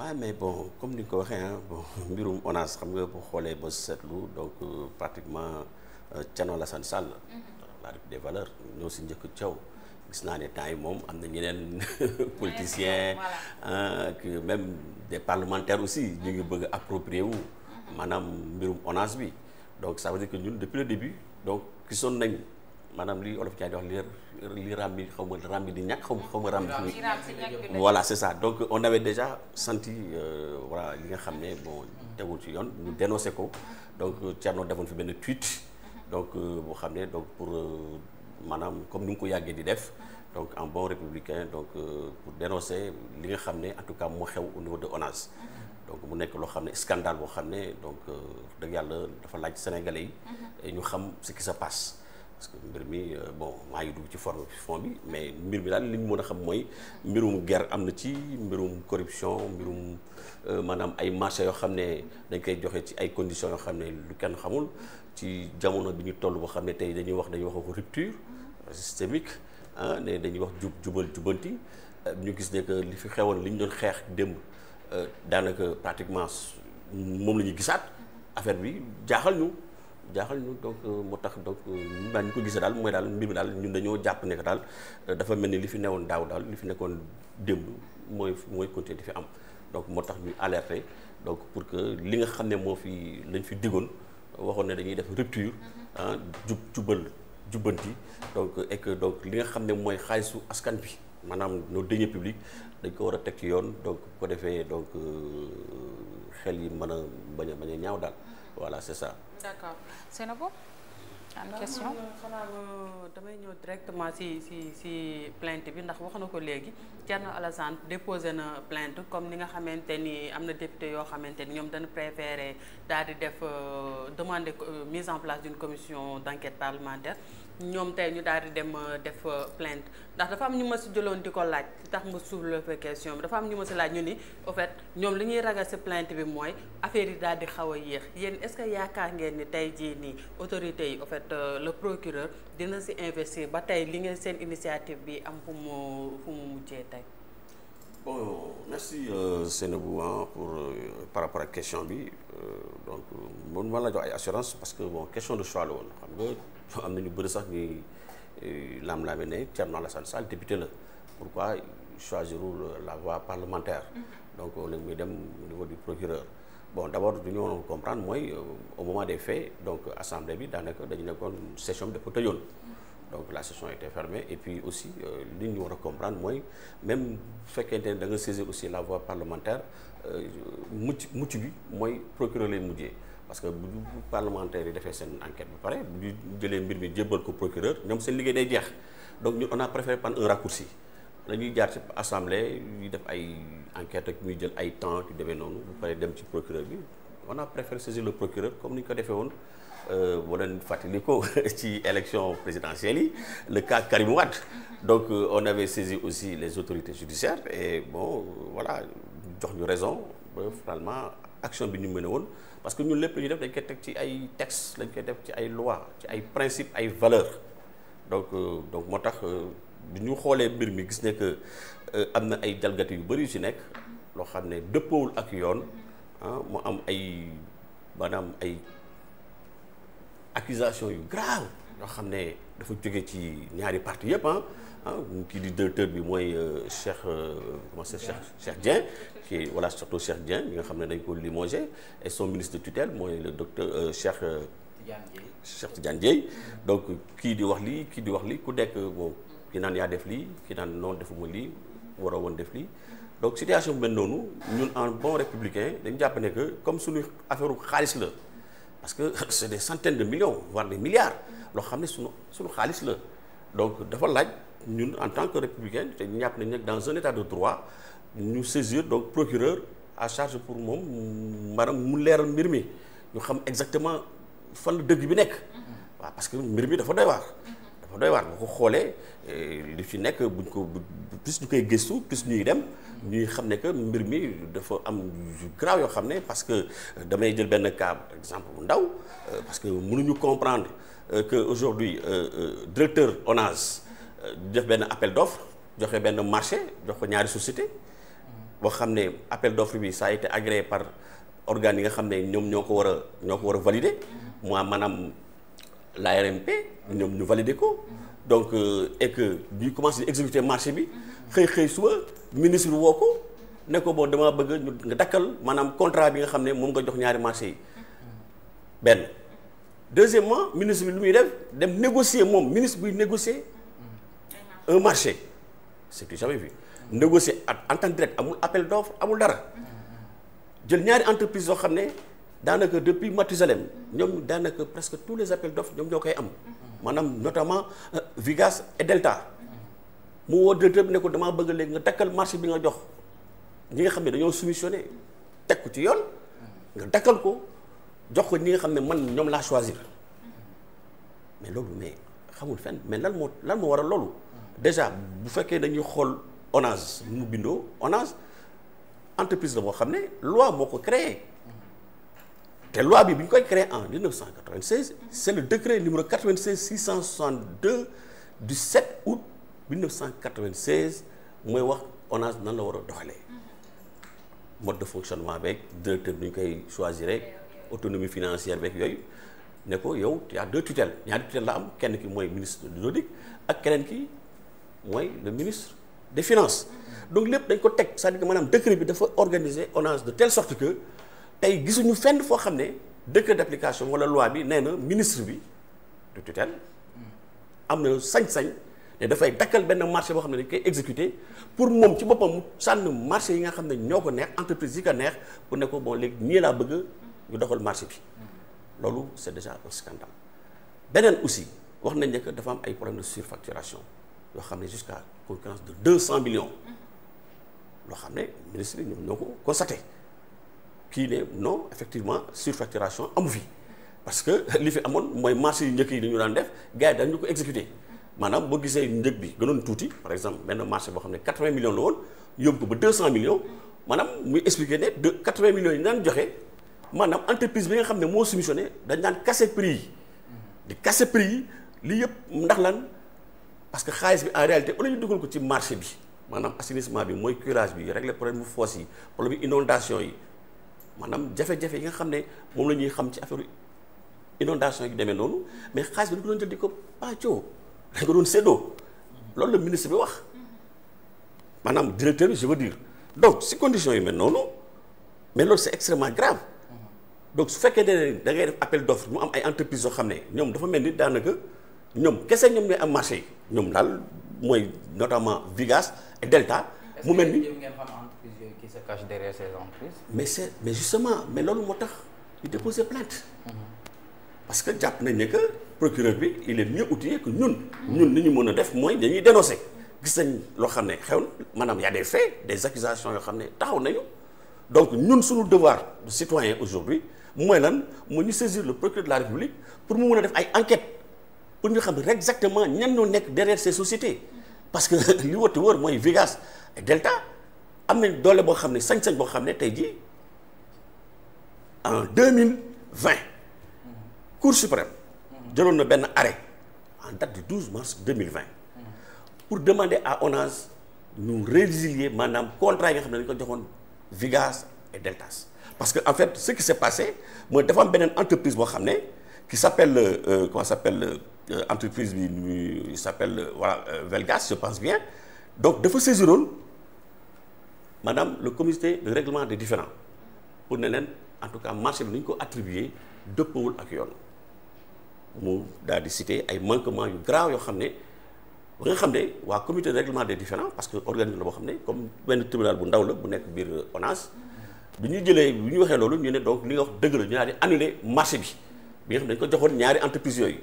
waaw mais bon comme ni nga ko waxee mbirum ONAS xam nga bu xoolee ba seetlu donc euh, pratiquement euh, Thierno Alassane Sall. Mhm. la République des valeurs ñoo si njëkk caw. gis naa ne temps yi moom am na ñeneen politiciens que même des parlementaires aussi ñu ngi bëgg approprier wu mhm. maanaam mbirum ONAS bi donc ça veut dire que ñun depuis le début donc gisoon nañ maanaam li olof Ndiaye di wax li li raam bi xaw ma raam bi di ñàkk xaw ma xaw ma raam bi voilà c'est ça donc on avait déjà senti euh, voilà li nga xam ne bon tegul ci yoon ñu dénoncé ko donc euh, Thierno defoon fi benn tweet donc euh, boo xam ne donc pour maanaam comme ni mu ko yàggee di def donc en bon républicain donc pour dénoncer li nga xam ne en tout cas moo xew au niveau de ONAS donc mu nekk loo xam ne scandale boo xam ne donc dëgg yàlla dafa laaj Sénégalais yi ñu xam ce qui se passe parce que mbir mi euh, bon maa ngi dugg ci forme fond bi mais mbir mi daal li ñu mën a xam mooy mbirum guerre am na ci mbirum corruption mbirum euh, maanaam ay marché yoo xam ne dañ koy joxe ci ay conditions yoo xam ne lu kenn xamul ci jamono bi ñu toll boo xam ne tey dañuy wax dañuy wax rupture euh, systémique ah ne dañuy wax jub jubal jubanti ñu gis ne que li fi xewoon li ñu doon xeex démb daanaka pratiquement moom la ñuy gisaat affaire bi jaaxal ñu. jaaxal ñu donc euh, moo tax donc naa euh, ñu ko daal mooy daal mbir mi daal ñun dañoo jàpp ne daal euh, dafa mel ni li fi newoon daaw daal li fi nekkoon démb mooy mooy continuer di fi am donc moo tax ñuy alerter donc pour que li nga xam ne moo fi lañ fi digoon waxoon ne dañuy def rupture mm-hmm. ah jub jubal jubbanti donc donc li nga xam ne mooy xaalisu askan bi maanaam nos deniers publics dañ ko war a teg ci yoon donc ko defee donc xel yi mën a bañ a bañ ñaaw daal voilà c'est ça. d'accord Seynabou am question ah, euh, damay ñëw directement ci ci ci plainte bi ndax wax na ko léegi Thierno Alassane déposé na plainte comme ni nga xamante ni am na député yoo xamante ni ñoom dañu préféré daal di def euh, demander euh, mise en place d'une commission d'enquête parlementaire. ñoom tey ñu daal di dem euh, def euh, plainte ndax dafa am ñu ma si jëloon di ko laaj tax ma soulever question bi dafa am ñu ma si laaj ñu ni au fait ñoom li ñuy ragal si plainte bi mooy affaire yi daal di xaw a yéex yéen est-ce que yaakaar ngeen ni tey jii nii autorité yi au fait euh, le procureur dina si investir ba tey li ngeen seen initiative bi am fu mu fu mu mujjee tey. bon merci euh, Sénébou pour euh, par rapport ak question bi euh, donc mën ma la jox ay assurance parce que bon question de choix la woon am na ñu bëri sax ñuy eh, laam-laame ne Thierno Alassane Sall député la pourquoi choisirul la voie parlementaire. Mm-hmm. donc léegi muy dem au niveau du procureur. bon d' abord du ñu waroon comprendre mooy euh, au moment des faits donc assemblée bi daanaka dañu nekkoon session bi dafa tëjoon. Mm-hmm. donc la session était fermée et puis aussi euh, li ñu war a mooy même fekkente ne da nga saisir aussi la voie parlementaire euh, mucc mucc bi mooy procureur lay mujjee. parce que bu parlementaire yi defee seen enquête ba pare bu jëlee mbir mi jébbal ko procureur ñoom seen liggéey day jeex donc ñu on a préféré prendre un raccourci dañuy jaar ci assemblée ñu def ay enquête ak muy jël ay temps yu demee noonu bu paree dem ci procureur bi on a préféré saisir le procureur comme ni ñu ko defee woon euh, boo leen fàttali ko ci élection présidentielle yi le cas Karim Wade donc euh, on avait saisi aussi les autorités judiciaires et bon voilà jox ñu raison action bi ñu mën a woon parce que ñun lépp lu ñuy def dañ koy teg ci ay textes lañ koy def ci ay lois ci ay principes ay valeurs donc euh, donc moo tax euh, bu ñu xoolee mbir mi gis ne que euh, am na ay jalgati yu bëri yu si nekk loo xam ne dëppoowul ak yoon ah, mu am ay maanaam ay accusation yu grave yoo xam ne dafa jóge ci ñaari parti yëpp ah ah kii di directeur bi mooy euh, Cheikh monsieur euh, Cheikh Cheikh Dieng qui voilà surtout Cheikh Dieng bi nga xam ne dañ ko limogé et son de tutelle mooy le docteur euh, Cheikh Cheikh Tidiane donc kii di wax lii kii di wax lii ku nekk bon ki naan yaa def lii ki naan noonu defuma lii waroo woon def lii donc situation bu noonu ñun en bon républicain dañu jàpp ne que comme suñu affaire xaalis la parce que c'est des centaines de millions voire des milliards loo xam ne suñu suñu xaalis la donc dafa laaj ñun en tant que républicain te ñàpp nañ nag dans un état de droit ñu saisir donc procureur à charge pour moom maanaam mu leeral mbir mi ñu xam exactement fan la dëgg bi nekk. waaw parce que mbir mi dafa doy waar. dafa doy waar boo ko xoolee eh, li fi nekk buñ ko plus ñu koy gistu plus ñuy dem. ñuy xam ne que mbir mi dafa am yu graaw yoo xam ne parce que euh, damay jël benn cas exemple bu ndaw euh, parce que mënuñu comprendre euh, que aujourd'hui directeur ONAS. def benn appel d'offre joxe benn marché jox ko ñaari société boo xam ne appel d'offre bi ça a été agréé par organes yi nga xam ne ñoom ñoo ko war a ñoo ko war a valider moi maanaam l'ARMP ñoom ñu valider ko donc euh, et que ñu commencé di exécuter marché bi xëy xëy suba ministre woo ko ne ko bon dama bëgg ñu nga dakkal maanaam contrat bi nga xam ne moom nga jox ñaari marché yi benn deuxièmement ministre bi lu muy def dem négocier moom ministre buy négocier un marché c'est du jamais vu négocier at tant amul appel d'offre amul dara jël ñaari entreprise yoo xam ne daanaka depuis Mathusalem ñoom daanaka presque tous les appels d'offres ñoom ñoo koy am maanaam notamment euh, Vigas et Delta mu woo directeur bi ne ko damaa bëgg léegi nga dakkal marché bi nga jox ñi nga xam ne dañoo soumissionné teg ko ci yoon nga dakkal ko jox ko ñi nga xam ne man ñoom laa choisir mais loolu mais xamul fenn mais lan moo lan moo waral loolu. déjà bu fekkee dañuy xool ONAS mu bindoo ONAS entreprise la boo xam ne loi moo ko créé te loi bi bi ñu koy créé en 1996 c' est le décret numéro 96 662 du 7 août 1996 mooy wax ONAS nan la war a doxalee mode de fonctionnement beeg directeur bi ñu koy choisir rek autonomie financière beeg yooyu. ne ko yow y a deux tutelles ñaari tutelles la am kenn ki mooy ministre de l'hydraulique ak keneen ki mooy le ministre des finances donc lépp dañ ko teg c'est-à-dire que maanaam décret bi dafa organiser ONAS de telle sorte que tey gisuñu fenn foo xam ne décret d'application wala loi bi nee na ministre bi de tutelle am na sañ-sañ ne dafay dakkal benn marché boo xam ne dañ koy exécuter pour moom ci boppam mu sànn marché yi nga xam ne ñoo ko neex entreprise yi ko neex pour ne ko bon léegi ñii laa bëgg ñu doxal marché bi loolu c'est déjà un scandale beneen aussi wax nañ ne dafa am ay problème de surfacturation yoo xam ne jusqu'à concurrence de deux cent millions loo xam ne ministre yi ñoo ko constaté kii ne non effectivement surfacturation amu fi parce que li fi amoon mooy marché yu njëkk yi dañu daan def gars yi dañu ko exécuté maanaam boo gisee njëg bi gënoon tuuti par exemple benn marché boo xam ne quatre-vingts millions la woon yóbbu ko ba deux cent millions maanaam muy expliqué ne de quatre-vingts millions yi ñu joxe. maanaam entreprise bi nga xam ne moo soumissionné dañ daan casser prix yi di casser prix yi lii yëpp ndax lan parce que xaalis bi en réalité au lieu ñu dugal ko ci marché bi maanaam assainissement bi mooy curage bi régler problème mu fosse yi problème inondation yi maanaam jafe-jafe yi nga xam ne moom la ñuy xam ci affaire inondation yi demee noonu mais xaalis bi dañ ko doon jël di ko pàccoo dañ ko doon séddoo loolu la ministre bi wax maanaam directeur bi je donc si conditions yi mel noonu mais loolu c'est extrêmement grave donc su fekkee ne da ngay def appel d'offre mu am ay entreprises yoo xam ne ñoom dafa mel ni daanaka ñoom kese ñoom ñooy am marché yi ñoom laal mooy notamment Vigas et Delta. mu mel ni qui se cache derrière ces entreprises. mais c'est mais justement mais loolu moo tax ñu déposer plainte. Mm-hmm. parce que jàpp nañ ne que procureur bi il est mieux outillé que ñun. ñun li ñu mën a def mooy dañuy dénoncer. gis nañ loo xam ne xew maanaam y a des faits des accusations yoo xam ne taxaw nañu donc ñun suñu devoir de citoyen aujourd'hui mu mooy lan mooy ñu saisir le procureur de la république pour mu mën a def ay enquête pour ñu xam exactement ñan ñoo nekk derrière ces sociétés parce que li wëtte wër mooy Vegas et Delta am nañ doole boo xam ne sañ-sañ boo xam ne tey jii en 2020 Cour suprême jëloon na benn arrêt en date du 12 mars 2020 pour demander à ONAS ñu résilier maanaam contrat yoo xam ne dañ ko joxoon Vegas et Deltas parce que en fait ce qui s'est passé mooy dafa am beneen entreprise boo xam ne ki s'appelle euh, euh, comment s'appelle euh, euh entreprise bi ñu s'appelle euh, voilà Velgas je pense bien donc dafa saisiroon maanaam le comité de règlement des différends pour ne leen en tout cas marché bi ni ñu ko attribué dëppawul ak yoon mu daal di cité ay manquements yu grave yoo xam ne ba nga xam ne waa comité de règlement des différends parce que organisme la boo xam ne comme bu ndaw la bu nekk biir ONAS bi ñu jëlee bi ñu waxee loolu ñu ne donc li nga wax dëgg la ñu daal di marché bi bi nga xam dañ ko joxoon ñaari entreprise yooyu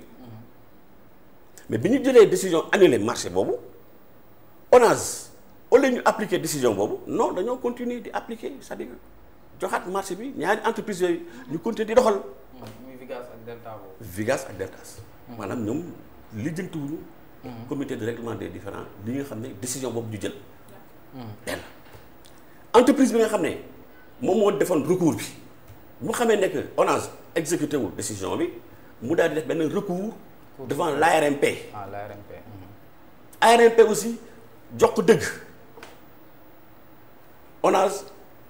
mais bi ñu jëlee décision annulé marché boobu ONAS au ñu appliquer décision boobu non dañoo continuer di appliquer cest joxaat marché bi ñaari entreprise yooyu ñu continuer di doxal. muy Vigas ak Delta boobu. Vigas ak Deltas. maanaam hmm. des différends li nga xam ne décision boobu ñu jël. Hmm. benn entreprise bi nga xam ne. moom moo defoon recours bi mu xamee ne que ONAS exécuté wul décision bi mu daal def benn recours devant l'ARMP. ah l'ARMP. Mhm. ARMP aussi jox ko dëgg ONAS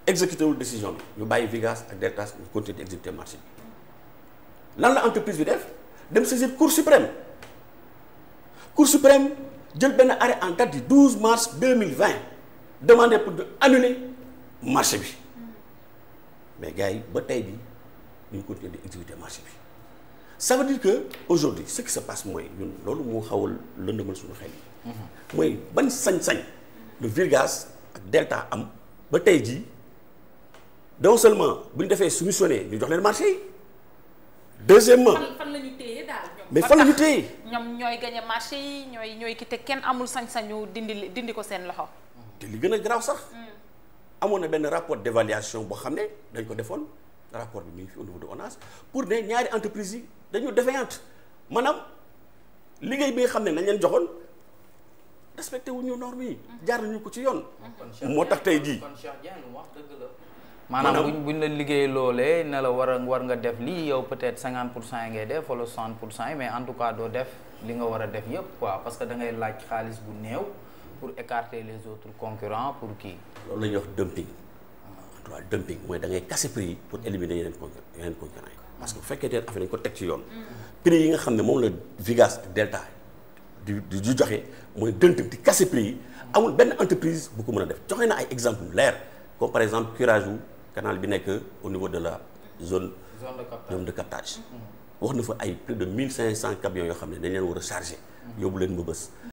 exécuté wul décision bi ñu bàyyi Vigas ak Deltas ñu continuer di exécuter marché bi lan la entreprise bi def dem saisir cour suprême cour suprême jël benn arrêt en date du 12 mille 2020 demandé pour de annuler marché bi. mais gars yi ba tey bi ñu ngi continuer di marché bi ça veut dire que aujourd'hui ce qui se passe mooy ñun loolu moo xawal lëndëmal suñu xel yi mm-hmm. mooy ban sañ-sañ le Virgas ak Delta am ba tey jii non seulement bu ñu defee soumissionné ñu jox leen marché yi deuxièmement fan la ñu téye daal mais fan la ñu ñoom ñooy gagné marché yi ñooy ñooy quitté kenn amul sañ-sañu dindi dindi ko seen loxo te li gën a garaaw sax mm. amoon na benn rapport d'évaluation boo xam ne dañ ko defoon rapport bi mi ngi fi au niveau de ONAS pour ne ñaari entreprise yi dañu défaillante maanaam liggéey bi xam ne nañ leen joxoon respecté wu ñu normes yi. jaar nañu ko ci yoon. moo tax tey jii. maanaam buñ buñ la liggéey loolee ne la war a war nga def lii yow peut-être cinquante pour cent yi ngay def wala soixante pour cent yi mais en tout cas doo def li nga war a def yëpp quoi parce que da ngay laaj xaalis bu néew. pour écarter les autres concurrents pour kii. loolu la ñuy wax dumping. en tout cas dumping mooy da ngay casser prix yi pour éliminer yeneen con yeneen concurrents yi. parce que bu fekkee ne affaire dañ ko teg ci yoon. Mm. prix yi nga xam ne moom la Vigas Delta di di joxe mooy dënt di casser prix yi amul benn entreprise bu ko mën a def joxe na ay exemple leer comme par exemple curage wu canal bi nekk au niveau de la zone. zone de captage. Mm. wax na fa ay plus de 1500 camions yoo xam ne dañ leen war a chargé. Mm. yóbbu leen ba bës.